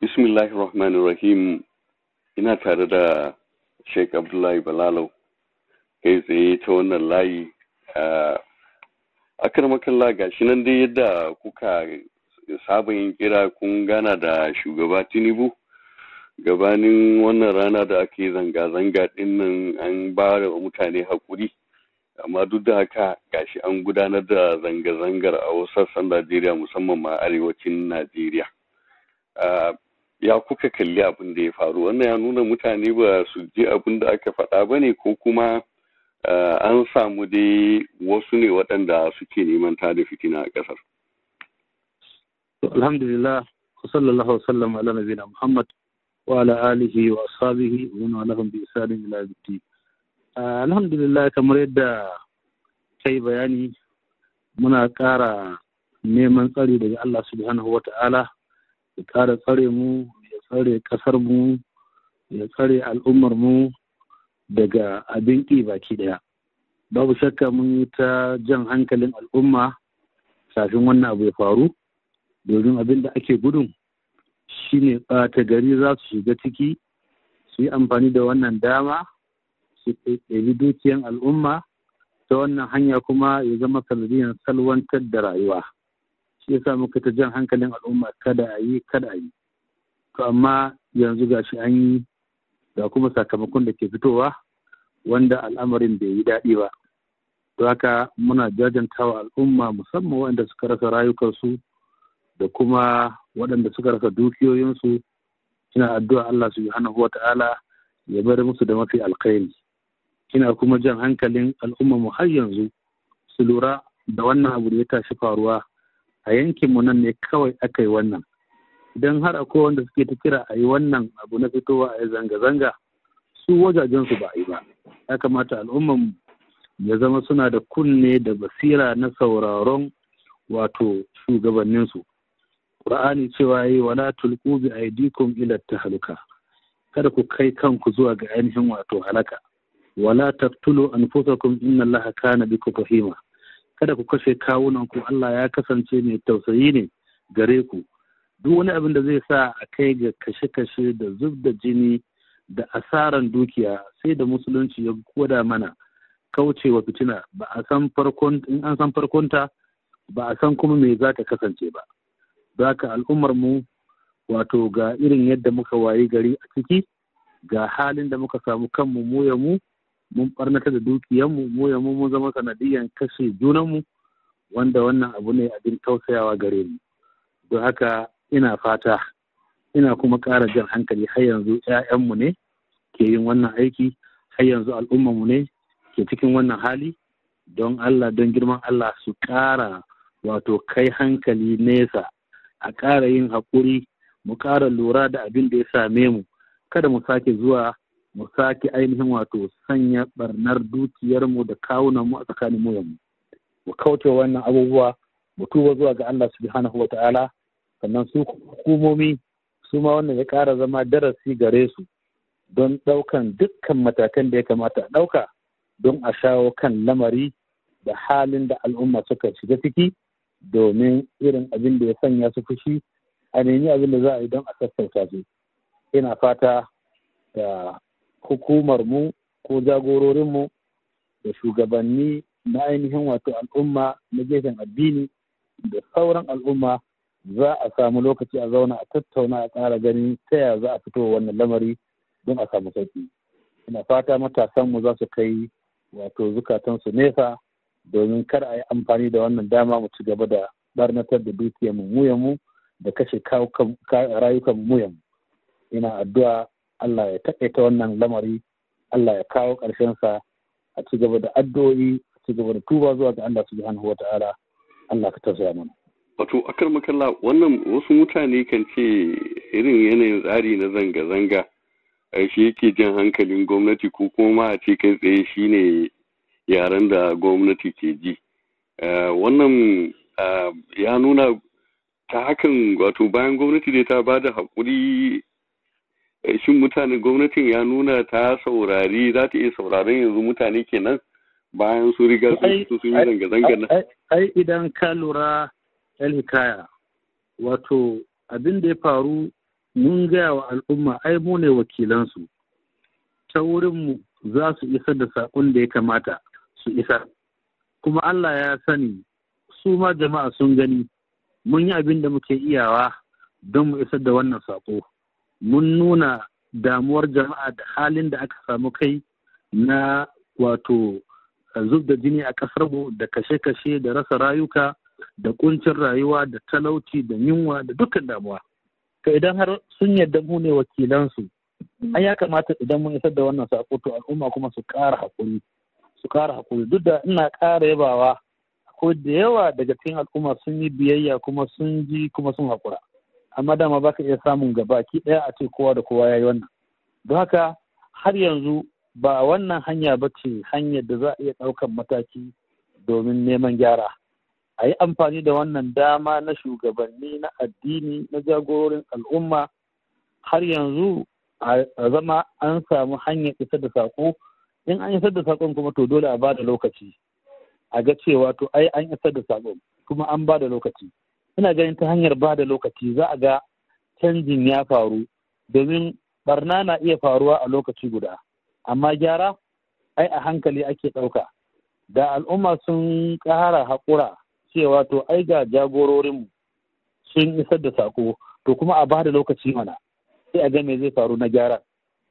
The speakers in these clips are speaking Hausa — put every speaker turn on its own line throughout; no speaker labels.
Bismillahir Rahmanir Rahim ina tare da Sheikh Abdullahi Balalo kai tsaye ta wannan layi a karmakalla ga shi nan dai yadda kuka saba yin kira kun gana da shugaba Tinubu gabanin wannan rana da ake zanga-zanga din nan an ba da mutane haƙuri amma duk da haka gashi an gudanar da zanga-zangar a wasu sassan Najeriya musamman ma arewacin Najeriya. ya kuka kalli abin da ya faru wannan ya nuna mutane ba su ji abin da aka faɗa ba ne ko kuma eh, an samu dai wasu ne waɗanda suke neman ta da fitina a ƙasar.
alhamdulillah sallallahu sallam ala muhammad wa ala alihi wa wani bi ila eh, alhamdulillah kamar yadda kai bayani muna ƙara neman tsari daga Allah subhanahu wa ta'ala ya ƙara tsare mu ya tsare ƙasar mu ya tsare al'ummar mu daga abin ƙi baki ɗaya babu shakka mun yi ta jan hankalin al'umma kafin wannan abu ya faru domin abin da ake gudun shine ɓata gari za su shiga ciki su yi amfani da wannan dama su ɗaiɗaiɗi dukiyan al'umma ta wannan hanya kuma ya zama sanadiyar salwantar da rayuwa shi yasa muka ta jan hankalin al'umma kada a yi kada a yi to amma yanzu gashi an yi ga kuma sakamakon da ke fitowa wanda al'amarin bai yi daɗi ba to haka muna jajantawa al'umma musamman waɗanda suka rasa rayukansu da kuma waɗanda suka rasa dukiyoyinsu ina addu'a Allah subhanahu Ta'ala ya bar musu da mafi alkhairi ina kuma jan hankalin al'umma mu har yanzu su lura da wannan abu da ya tashi faruwa a yankinmu nan ne kawai aka yi wannan idan har akwai wanda suke ta kira a yi wannan abu na fitowa a yi zanga-zanga su wajajensu ba a yi ba ya kamata mu ya zama suna da kunne da basira na sauraron wato shugabanninsu Qur'ani cewa yi wala tulqu bi aydikum ila tahluka kada ku kai kanku zuwa ga ainihin wato halaka wala taqtulu anfusakum inna allaha kana bikum rahima kada ku kashe kawunan ku Allah ya kasance mai tausayi ne gare ku duk wani abin da zai sa a kai ga kashe-kashe da zub da jini da asaran dukiya sai da musulunci ya gwada mana kauce wa fitina ba a san farkon in an san farkonta ba a san kuma me za ta kasance ba za ka al'ummar mu wato ga irin yadda muka wayi gari a ciki ga halin da muka samu kanmu mu ya mu mun barnata da dukiyanmu mu ya mun zama sanadiyan kashe junanmu wanda wannan abu ne abin tausayawa gare mu don haka ina fata ina kuma ƙara jan hankali har yanzu 'ya'yanmu ne ke yin wannan aiki har yanzu al'ummarmu ne ke cikin wannan hali don Allah don girman Allah su ƙara wato kai hankali nesa a ƙara yin haƙuri mu ƙara lura da abin da ya same mu kada mu sake zuwa mu sake ainihin wato sanya barnar dukiyarmu da kawunanmu a tsakanin mu mu mu kauce wannan abubuwa mu tuba zuwa ga Allah subhanahu wa ta'ala sannan su hukumomi su ma wannan ya ƙara zama darasi gare su don ɗaukan dukkan matakan da ya kamata a ɗauka don a shawo kan lamari da halin da al'umma suka shiga ciki domin irin abin da ya sanya su fushi a nemi abin da za a yi don a sassauta su ina fata da hukumar mu ko jagororin mu da shugabanni na ainihin wato al'umma na gefen addini da sauran al'umma za a samu lokaci a zauna a tattauna a ƙara ganin ta ya za a fito wannan lamari don a samu sauƙi. Ina fata matasanmu za su kai wato zukatansu nesa domin kar a yi amfani da wannan dama mu ci gaba da barnatar da dukiyar mu da kashe rayukan mu ina addu'a Allah ya taƙaita wannan lamari Allah ya kawo ƙarshensa a ci gaba da addu'o'i a ci gaba da tuba zuwa ga Allah subhanahu wa ta'ala Allah ka tausaya mana
wato akar makalla wannan wasu mutane kan ce irin yanayin tsari na zanga-zanga shi yake jan hankalin gwamnati ko kuma a ce kai tsaye shine yaren da gwamnati ke ji eh, wannan ah, ya nuna ta hakan wato bayan gwamnati dai ta ba da haƙuri Eh, shin mutanen gwamnatin ya nuna ta saurari za ta iya sauraron yanzu mutane kenan bayan su riga su fito sun yi zanga-zanga na.
Ai idan ka lura hikaya wato abin da ya faru mun gaya wa al'umma ai mu ne wakilansu ta wurinmu za su isar da saƙon da ya kamata su isa. Kuma Allah ya sani su ma jama'a sun gani mun yi abin da muke iyawa don mu isar da wannan sako mun nuna damuwar jama'a da halin da aka samu kai na wato eh, zub da jini a ƙasar mu da kashe-kashe da rasa rayuka da kuncin rayuwa da talauci da yunwa da dukkan damuwa to idan har sun yarda mu ne wakilansu mm. an ya kamata idan mun isar da wannan sako to al'umma kuma su ƙara haƙuri su ƙara haƙuri duk da ina ƙara yabawa ko da yawa daga cikin al'umma sun yi biyayya kuma sun ji kuma sun haƙura amma dama ba ka iya samun gaba ki ɗaya a ce kowa da kowa ya yi wannan don haka har yanzu ba wannan hanya ba ce hanyar da za a iya ɗaukan mataki domin neman gyara a yi amfani da wannan dama na shugabanni na addini na jagororin al'umma har yanzu a zama an samu hanyar isar da saƙo in an isar da saƙon kuma to dole a ba da lokaci a ga cewa to ai an isar da saƙon kuma an ba da lokaci ina ganin ta hanyar ba da lokaci za a ga canjin ya faru domin barna na iya faruwa a lokaci guda amma gyara ai a hankali ake ɗauka da al'umma sun ƙara haƙura cewa to ai ga jagororinmu sun isar da sako to kuma a ba da lokaci mana sai a ga me zai faru na gyara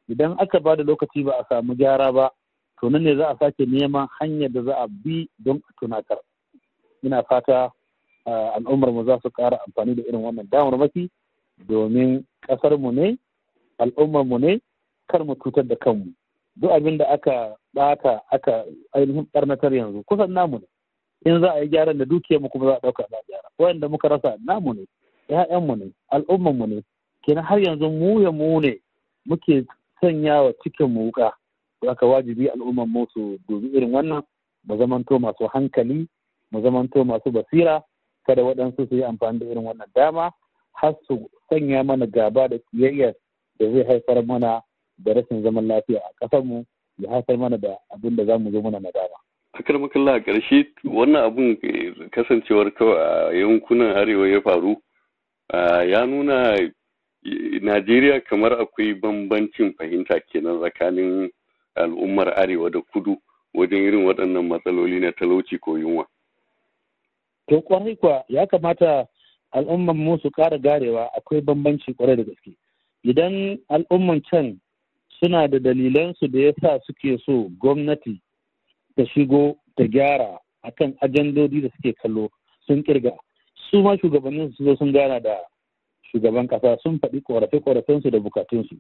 idan aka ba da lokaci ba a samu gyara ba to nan ne za a sake neman hanyar da za a bi don a tunatar ina fata Eh, al'ummar mu za su ƙara amfani da irin wannan damarmaki domin ƙasar mu ne al'ummar mu ne kar mu cutar da kanmu duk abin da aka ɓata aka ainihin ɓarnatar yanzu kusan namu ne in za a yi gyaran da dukiyar mu kuma za a ɗauka za a gyara wanda muka rasa namu ne mu ne al'ummar mu ne kenan har yanzu mu ya mu ne muke sanya wa cikin mu wuka aka wajibi al'ummar mu su dubi irin wannan mu zamanto masu hankali mu zamanto masu basira kada waɗansu su yi amfani da irin wannan dama har su sanya mana gaba da siyayya da zai haifar mana da rashin zaman lafiya a ƙasarmu ya haifar mana da abin da za mu zo mana nadama.
akar makalla a ƙarshe wannan abun eh, kasancewar kawai a yankunan arewa ya faru ya nuna eh, najeriya kamar akwai bambancin fahimta kenan tsakanin al'ummar arewa da kudu wajen irin waɗannan matsaloli na talauci ko yunwa.
to kwarai kuwa ya kamata al'umman mu su ƙara garewa akwai bambanci kwarai da gaske idan al'umman can suna da dalilansu da ya sa suke so gwamnati ta shigo ta gyara akan ajandodi da suke kallo sun kirga su ma shugabannin su zo sun gana da shugaban kasa sun faɗi korafe-korafensu da bukatunsu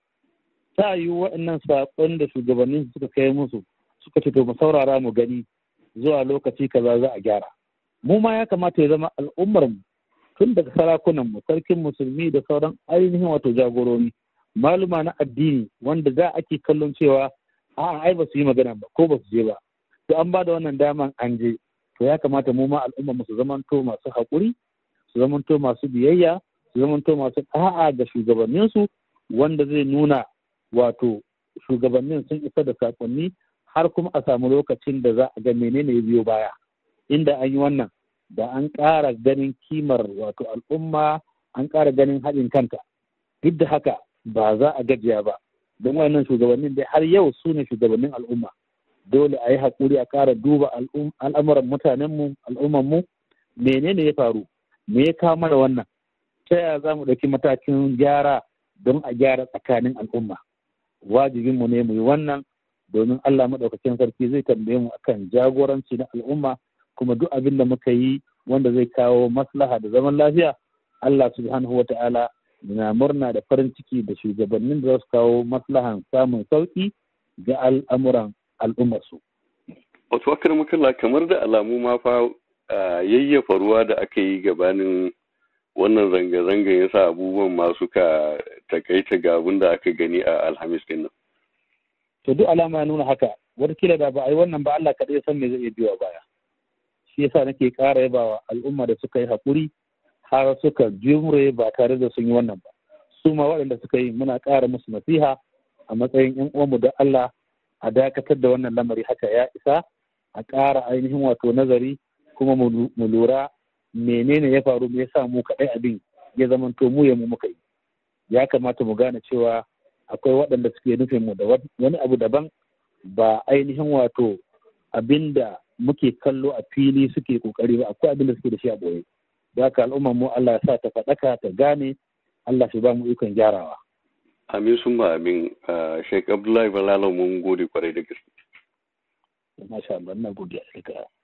ta yi wa'annan saƙon da shugabannin suka kai musu suka ce to mu saurara mu gani zuwa lokaci kaza za a gyara mu ma ya kamata ya zama al'ummar mu tun daga sarakunan mu sarkin musulmi da sauran ainihin wato jagorori maluma na addini wanda za ake kallon cewa a ai ba su yi magana ba ko ba su je ba to an ba da wannan daman an je to ya kamata mu ma al'umma mu su zamanto masu haƙuri su zamanto masu biyayya su zamanto masu ɗa'a ga shugabanninsu wanda zai nuna wato shugabannin sun isa da sakonni har kuma a samu lokacin da za a ga menene ya biyo baya inda an yi wannan da an ƙara ganin kimar wato al'umma an ƙara ganin haɗin kanta duk da haka ba za a gajiya ba don wannan shugabannin dai har yau su ne shugabannin al'umma dole a yi haƙuri a ƙara duba al'amuran mutanenmu al'ummanmu menene ya faru me ya kawo mana wannan ta yaya za mu ɗauki matakin gyara don a gyara tsakanin al'umma wajibinmu ne mu yi wannan domin Allah maɗaukakin sarki zai tambaye mu akan jagoranci na al'umma kuma duk abin da muka yi wanda zai kawo maslaha da zaman lafiya Allah subhanahu wa ta'ala na murna da farin ciki da shugabannin da za su kawo maslahan samun sauki ga al'amuran al'ummarsu.
Wasu wakar makalla kamar da alamu ma fa yayyafa ruwa da aka yi gabanin wannan zanga-zanga ya sa abubuwan ma suka takaita ga abin da aka gani a alhamis din nan.
To duk alama nuna haka, wata da ba a yi wannan ba Allah kaɗai san me zai iya biyo baya. shi yasa nake ƙara wa al'umma da suka yi hakuri har suka jimre ba tare da sun yi wannan ba su ma waɗanda suka yi muna kara musu nasiha a matsayin yan uwanmu da Allah a dakatar da wannan lamari haka ya isa a ƙara ainihin wato nazari kuma mu lura menene ya faru me yasa mu kaɗai abin ya zamanto mu ya mu muka yi ya kamata mu gane cewa akwai waɗanda suke nufin mu da wani abu daban ba ainihin wato abinda. muke kallo a fili suke kokari ba akwai abin da suke da shi a boye da haka al'ummar mu Allah ya sa ta faɗaka ta gane Allah shi ba mu ikon gyarawa
amin sun ba amin ah, Sheikh Abdullahi Balalo mun gode kwarai da gaske
masha Allah ina godiya da